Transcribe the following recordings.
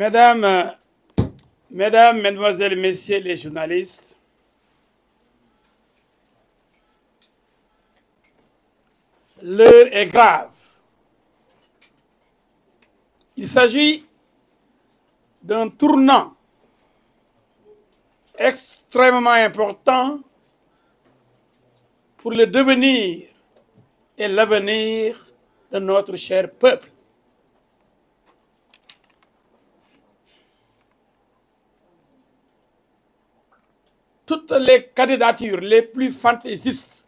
Mesdames, Mesdames, Mesdemoiselles, Messieurs les journalistes, l'heure est grave. Il s'agit d'un tournant extrêmement important pour le devenir et l'avenir de notre cher peuple. toutes les candidatures les plus fantaisistes,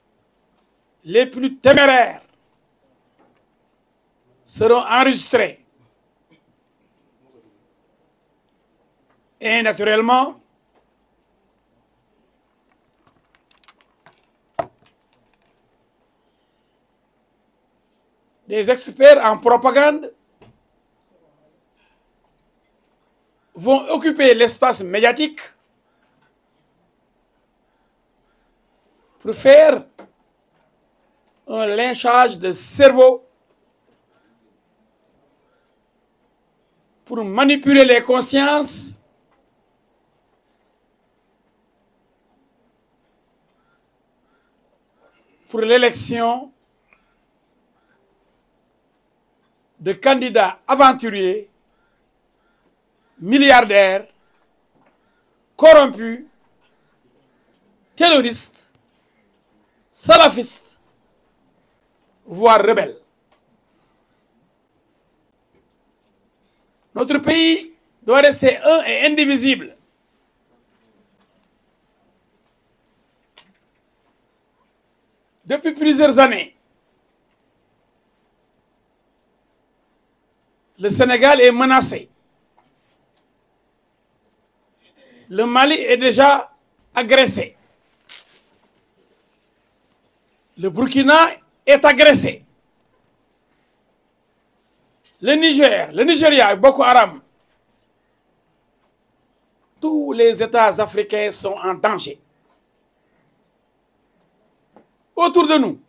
les plus téméraires seront enregistrées. Et naturellement, des experts en propagande vont occuper l'espace médiatique pour faire un lynchage de cerveau pour manipuler les consciences pour l'élection de candidats aventuriers, milliardaires, corrompus, terroristes, salafiste voire rebelle notre pays doit rester un et indivisible depuis plusieurs années le Sénégal est menacé le Mali est déjà agressé Le Burkina est agressé. Le Niger, le Nigeria, Boko Haram. Tous les États africains sont en danger. Autour de nous,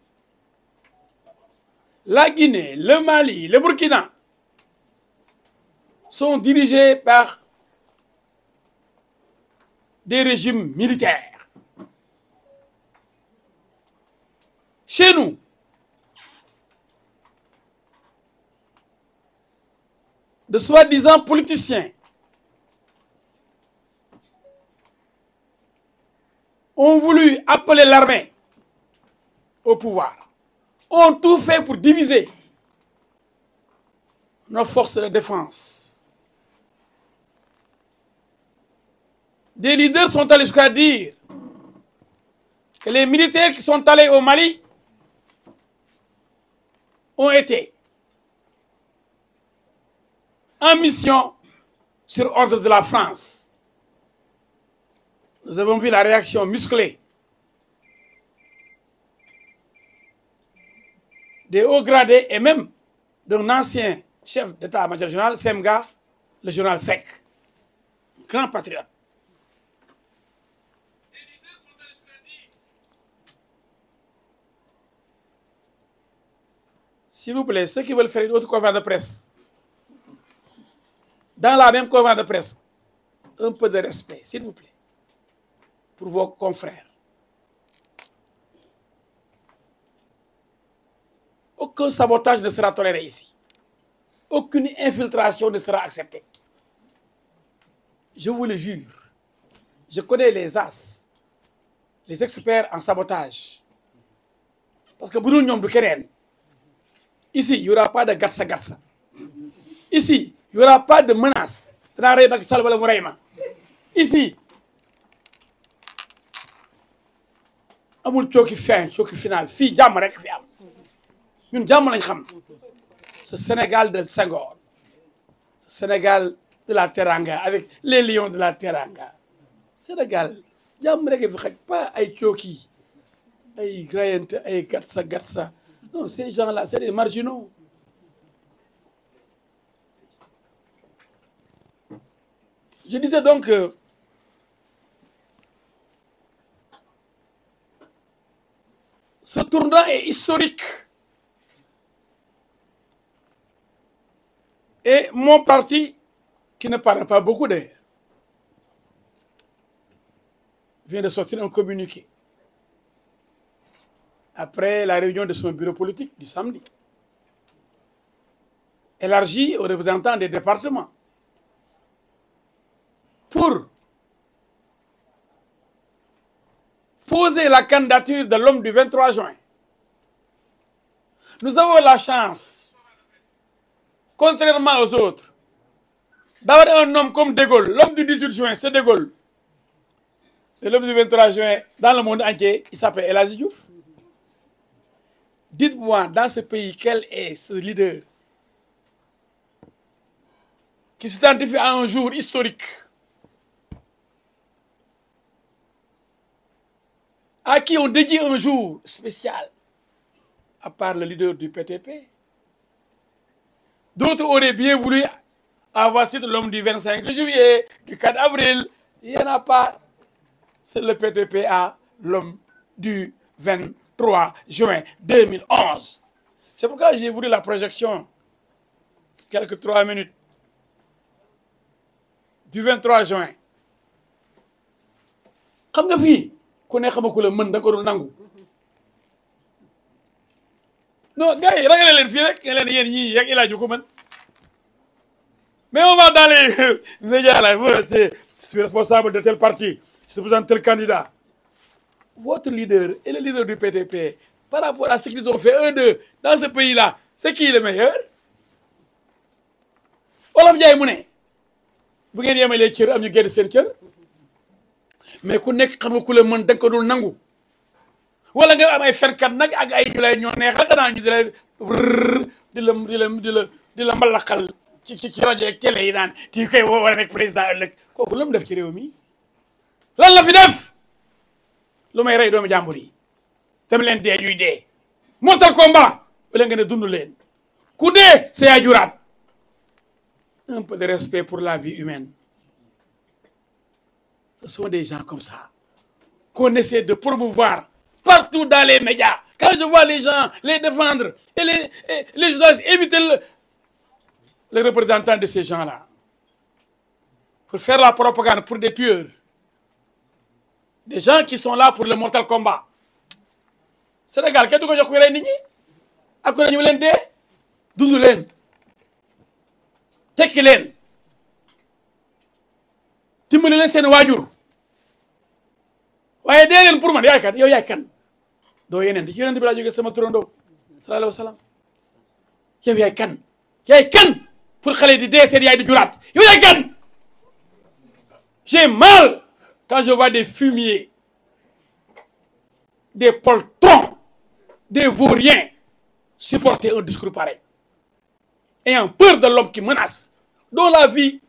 la Guinée, le Mali, le Burkina sont dirigés par des régimes militaires. chez nous de soi-disant politiciens ont voulu appeler l'armée au pouvoir, ont tout fait pour diviser nos forces de défense. Des leaders sont allés jusqu'à dire que les militaires qui sont allés au Mali ont été en mission sur ordre de la France. Nous avons vu la réaction musclée des hauts gradés et même d'un ancien chef d'état-major général, Semga, le général Sec, grand patriote. S'il vous plaît, ceux qui veulent faire une autre conférence de presse, dans la même conférence de presse, un peu de respect, s'il vous plaît, pour vos confrères. Aucun sabotage ne sera toléré ici. Aucune infiltration ne sera acceptée. Je vous jure, je connais les as, les experts en sabotage. Parce que Boudoul Nyom du Keren, Ici, il n'y aura pas de garça garça. Ici, il n'y aura pas de menace. amul cooki fin cooki final fii jàmm rek fi am ñun jàmm lañ xam ce Sénégal de Senghor ce Sénégal de la Teranga avec les lions de la Teranga Sénégal jàmm rek fi xaj pas ay cooki ay rayante ay gatsa gatsa Non, ces gens-là, c'est des marginaux. Je disais donc que ce tournant est historique. Et mon parti, qui ne parle pas beaucoup d'air, vient de sortir un communiqué. après la réunion de son bureau politique du samedi. Élargie aux représentants des départements pour poser la candidature de l'homme du 23 juin. Nous avons la chance, contrairement aux autres, d'avoir un homme comme De Gaulle. L'homme du juin, c'est De Gaulle. Et l'homme du juin, dans le monde entier, il s'appelle El Hadji Dites-moi, dans ce pays, quel est ce leader qui s'identifie à un jour historique à qui on dédie un jour spécial, à part le leader du PTP. D'autres auraient bien voulu avoir titre l'homme du 25 juillet, du 4 avril. Il n'y en a pas. C'est le PTP à l'homme du 25 3 juin 2011. C'est pourquoi j'ai voulu la projection, quelque trois minutes, du 23 juin. xam nga fi ku ne xama koule la mën da nga ko dul nangu non gars yi ragale leen fii rek nga leen yéen ñii yeeg ilaaju ko mën mais on va dans les médias là c'est je suis responsable de tel parti je suis président tel candidat votre leader et le leader du PTP par rapport à ce qu'ils ont fait eux deux dans ce pays-là c'est qui le meilleur Wolof Njaay mu ne bu ngeen yemalee cër am ñu gedd seen cër mais ku nekk xam nga ku la mën da ko dul nangu wala nga am ay fenkat nag ak ay ñu lay ñoo neex ak naa ñu di la di di la di la di la mbalaxal ci rajo ak yi naan kii koy woo war kooku lu def ci réew mi lu may rey doomu jàmbur yi tam leen dee ñuy dee montal combat wala nga ne dund leen ku dee sa yaay juraat un peu de respect pour la vie humaine ce sont des gens comme ça qu'on essaie de promouvoir partout dans les médias quand je vois les gens les défendre et les et les gens éviter le les de ces gens-là pour faire la propagande pour des tueurs des gens qui sont là pour le mortal combat Sénégal kenn du ko jox ku rey nit ñi ak ñu leen dee dund leen tekki leen dimbali leen seen waajur waaye dee leen pour man yaay kan yow yaay kan doo yeneen di ci yeneen bi laa sama turandoo sallallahu alayhi wa sallam yaay kan yaay kan pour xale di dee seen yaay di juraat yow yaay kan j'ai mal Quand je vois des fumiers, des poltrons, des vauriens supporter un discours pareil, ayant peur de l'homme qui menace, dont la vie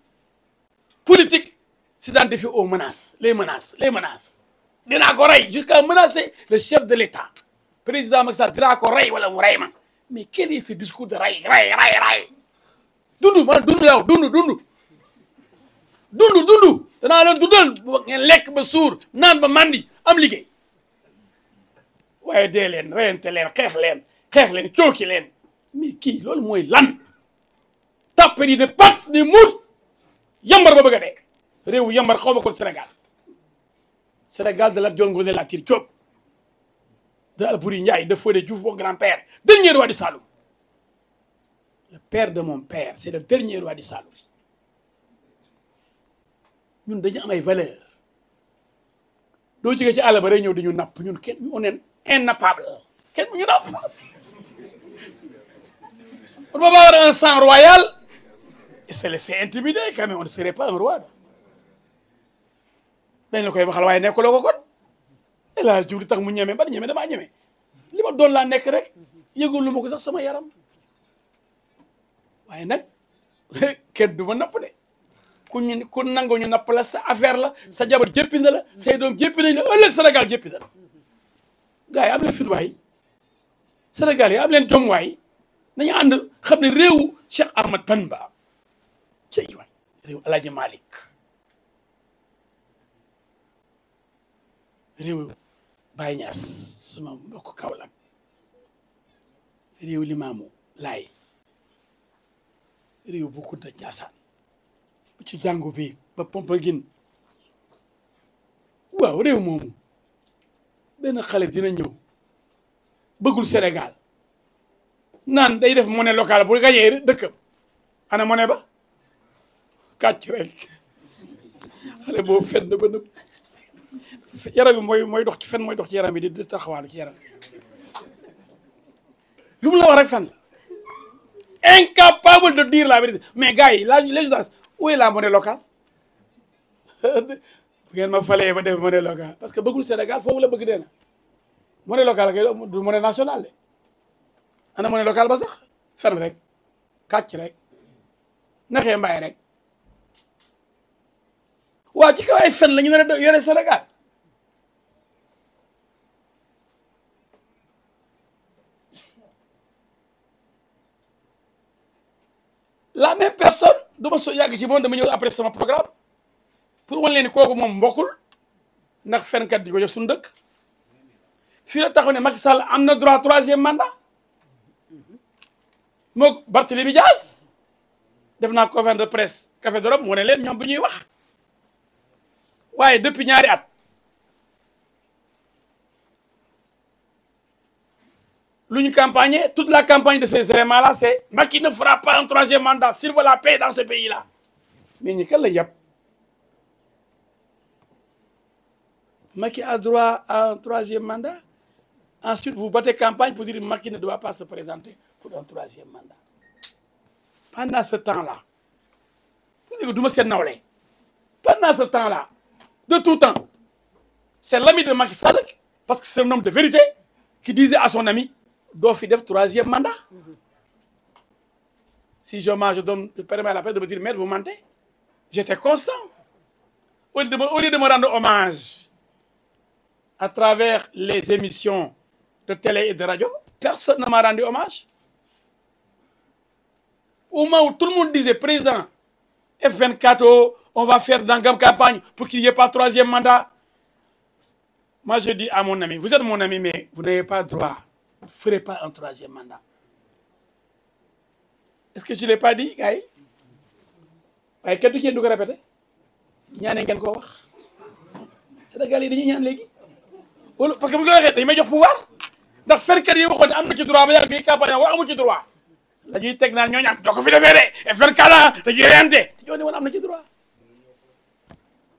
politique s'identifie aux menaces, les menaces, les menaces. dinaa ko rey jusqu'à menacer le chef de l'État président Macky Sall dinaa ko rey wala mu mais quel est discours de rey rey rey rey dund man dund yow dund dund dund danaa leen dundal ngeen lekk ba suur naan ba mandi am liggéey waaye dee leen reyante leen xeex leen xeex leen cooki leen kii loolu mooy lan tàppe di ne pat ni muut yambar ba bëgg a dee yambar xaw ma kon Sénégal Sénégal de la joon Ngoné Latyr Diop de Alboury Ndiaye de Fodé Diouf mon grand-père dernier roi du Saloum le père de mon père c'est le dernier roi du Saloum ñun dañu am ay valeur doo jógee ci àll ba rek ñëw dañu napp ñun kenn on est innappable kenn mu ñu napp on va avoir un sang royal et se laisser intimider quand même on ne pas un roi dañ la koy waxal waaye nekkuloo ko kon El Hadj Diouf tax mu ñeme ba ñeme damaa ñeme li ma doon laa nekk rek yëgul lu ma ko sax sama yaram waaye nag kenn du ma napp de ku ñu ku nangu ñu napp sa affaire la sa jabar jéppi na la say doom senegal nañ la yi am leen fit waay Sénégal yi am leen jom waay nañu ànd xam ne réewu Cheikh Ahmad Bamba cey waay réew Alaaji Malick réew Baye Niass suma mbokk Kaolack réew Limaamu Laay réew bu Kunta ci jàngu bi ba Popenguine waaw réew moomu benn xale dina ñëw bëggul Sénégal naan day def mone locale bu gañee dëkkam ana monnaie ba kàcc rek xale boobu fen na ba nëb yaram bi mooy mooy dox ci fen mooy dox ci yaram bi di taxawaalu ci yaram lu mu la wax incapable de dire la vérité mais gars yi la législation où est la monnaie parce que bëggul Sénégal foofu la bëgg dee na monnaie locale du monnaie nationale de ana monnaie locale ba sax fen rek kàcc rek naxee mbaay rek waaw ci kaw fen la ñu mën Sénégal la même personne ma so yàgg ci moom dama ñëw après sama programme pour wan leen kooku moom mbokkul ndax fenkat di ko jox dëkk fii la taxaw ne mag Sall am na droit troisième mandat moog Barthélémy Dias def naa conférence de presse Café de Rome mu ne leen ñoom bu ñuy wax waaye depuis ñaari at lu ñu campagne toute la campagne de ces éléments là c' est Macky ne fera pas un troisième mandat s'il veut la paix dans ce pays là mais ñi kan la yàpp a droit à un troisième mandat ensuite vous battez campagne pour dire Macky ne pas se présenter pour un troisième mandat pendant ce temps là u du ma seen nawle pendant ce temps là de tout temps c'est l'ami de Macky Sall parce que c'est un homme de vérité qui disait à son ami doo fi def troisième mandat si jomage donne je permets à la presse de me dire maître vous mentez j'étais constant au de me, rendre hommage à travers les émissions de télé et de radio personne ne m'a rendu hommage au moment où tout le monde disait président F24 oh, on va faire d'angam campagne pour qu'il n'y ait pas troisième mandat moi je dis à mon ami vous êtes mon ami mais vous n'avez pas droit ne ferait pas un troisième mandat est-ce que je l'ai pas dit gars yi waaye kenn du ci du ko répété ñaane ngeen koo wax Sénégal yi dañuy ñaan léegi wala parce que bu dañ may jox pouvoir ndax ferkat yi waxoon ne am na ci droit ba yàgg bi campagne wax amul ci droit la ñuy teg naan ñooñu am doo ko fi defee de et ferkat la dañuy reyante am na ci droit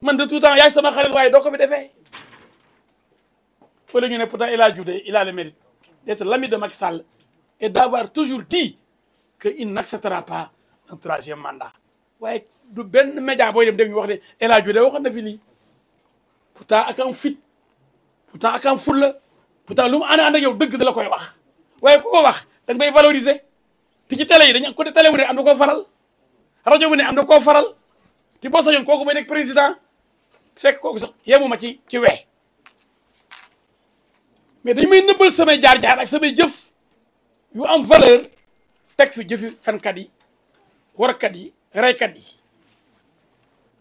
man de tout temps yaay sama xarit waaye doo ko fi defee wala ñu ne pourtant il a judé il a le mérite d'être l'ami de Macky Sall et d'avoir toujours dit qu'il n'acceptera pas un troisième mandat waaye du benn média booy dem dégg ñu wax ne El Hadj Diouf waxoon na fi lii pourtant ak am fit pourtant ak fulla pourtant lu mu ànd ànd ak yow dëgg da la koy wax waaye ku ko wax da nga koy valoriser te ci télé yi dañu côté télé de ne am na koo faral rajo bu ne am na koo faral ti te boo sañoon kooku mooy nekk président fekk kooku sax yemuma ci ci wee mais dañ may nëbbal samay jaar-jaar ak samay jëf yu am valeur teg fi jëfi fenkat yi warkat yi reykat yi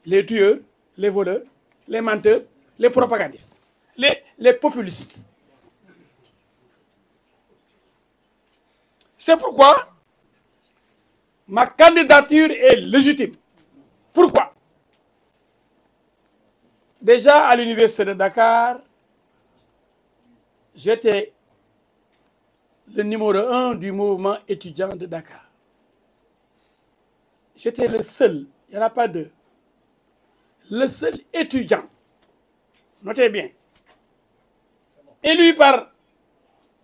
les tueurs les voleurs les menteurs les propagandistes les les populistes c'est pourquoi ma candidature est légitime pourquoi déjà à l'université de Dakar J'étais le numéro un du mouvement étudiant de Dakar. J'étais le seul, il n'y a pas de le seul étudiant, notez bien, élu par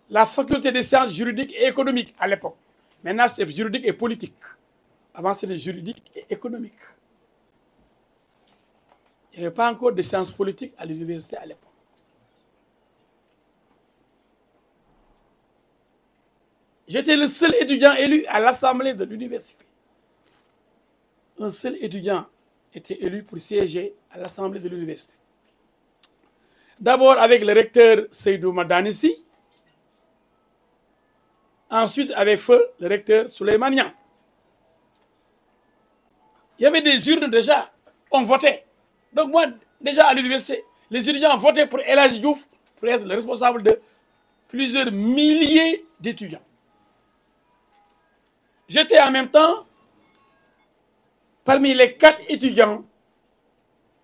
la faculté des sciences juridiques et économiques à l'époque. Maintenant, c'est juridique et politique. Avant, c'était juridique et économique. Il n'y avait pas encore de sciences politiques à l'université à l'époque. J'étais le seul étudiant élu à l'assemblée de l'université. Un seul étudiant était élu pour siéger à l'assemblée de l'université. D'abord avec le recteur Seydou Madanissi, ensuite avec feu le recteur Souleymanian. Il y avait des urnes déjà, on votait. Donc moi, déjà à l'université, les étudiants votaient pour El Hadji Diouf pour être le responsable de plusieurs milliers d'étudiants. J'étais en même temps parmi les quatre étudiants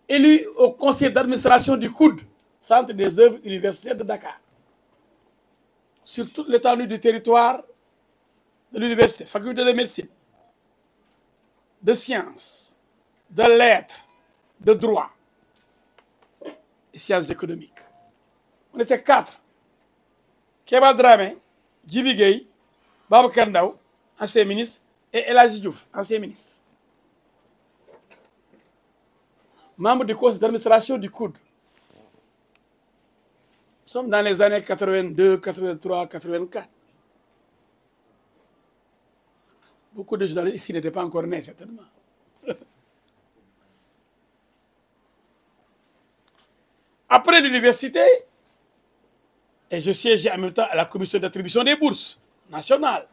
élus au conseil d'administration du COUD, Centre des œuvres universitaires de Dakar, sur toute l'étendue du territoire de l'université, faculté de médecine, de sciences, de lettres, de droit et sciences économiques. On était quatre. Kéba Dramé, Djibi Gueye, ancien ministre et El Hadji Diouf ancien ministre membre du conseil d'administration du COUD nous sommes dans les années 82 83 84 beaucoup de journalistes ici n'étaient pas encore nés certainement après l'université et je siège en même temps à la commission d'attribution des bourses nationales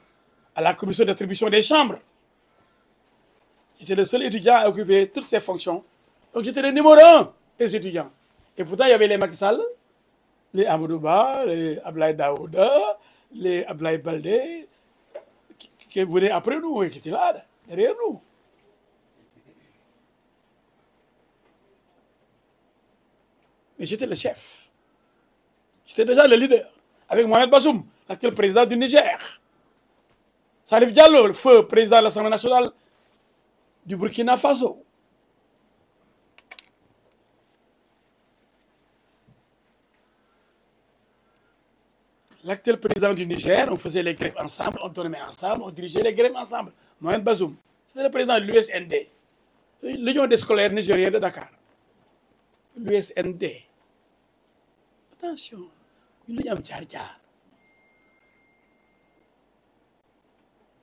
à la commission d'attribution des chambres. J'étais le seul étudiant à occuper toutes ces fonctions. Donc j'étais le numéro un des étudiants. Et pourtant, il avait les Macky les Amadouba, les Ablaï Daouda, les Ablaï Baldé, qui, qui après nous et qui étaient là, derrière nous. Mais j'étais le chef. J'étais déjà le leader, avec Mohamed Bassoum, l'actuel président du Niger. Salif Diallo le feu président de l'Assemblée nationale du Burkina Faso l'actuel président du Niger on faisait les grèves ensemble on tournait ensemble on dirigeait les grèves ensemble Mohamed Bazoum c'était le président de l'USND l'Union des scolaires nigériens de Dakar l'USND attention ñu am jaar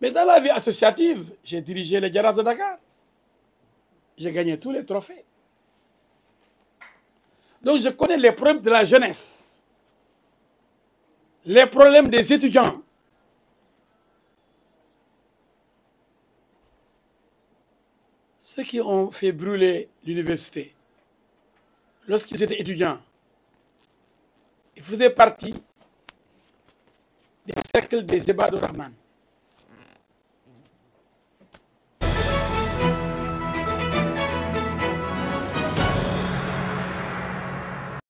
Mais dans la vie associative, j'ai dirigé les Jaraaf de Dakar. J'ai gagné tous les trophées. Donc je connais les problèmes de la jeunesse, les problèmes des étudiants. Ceux qui ont fait brûler l'université, lorsqu'ils étaient étudiants, ils faisaient partie des cercles des Zébats de Rahman.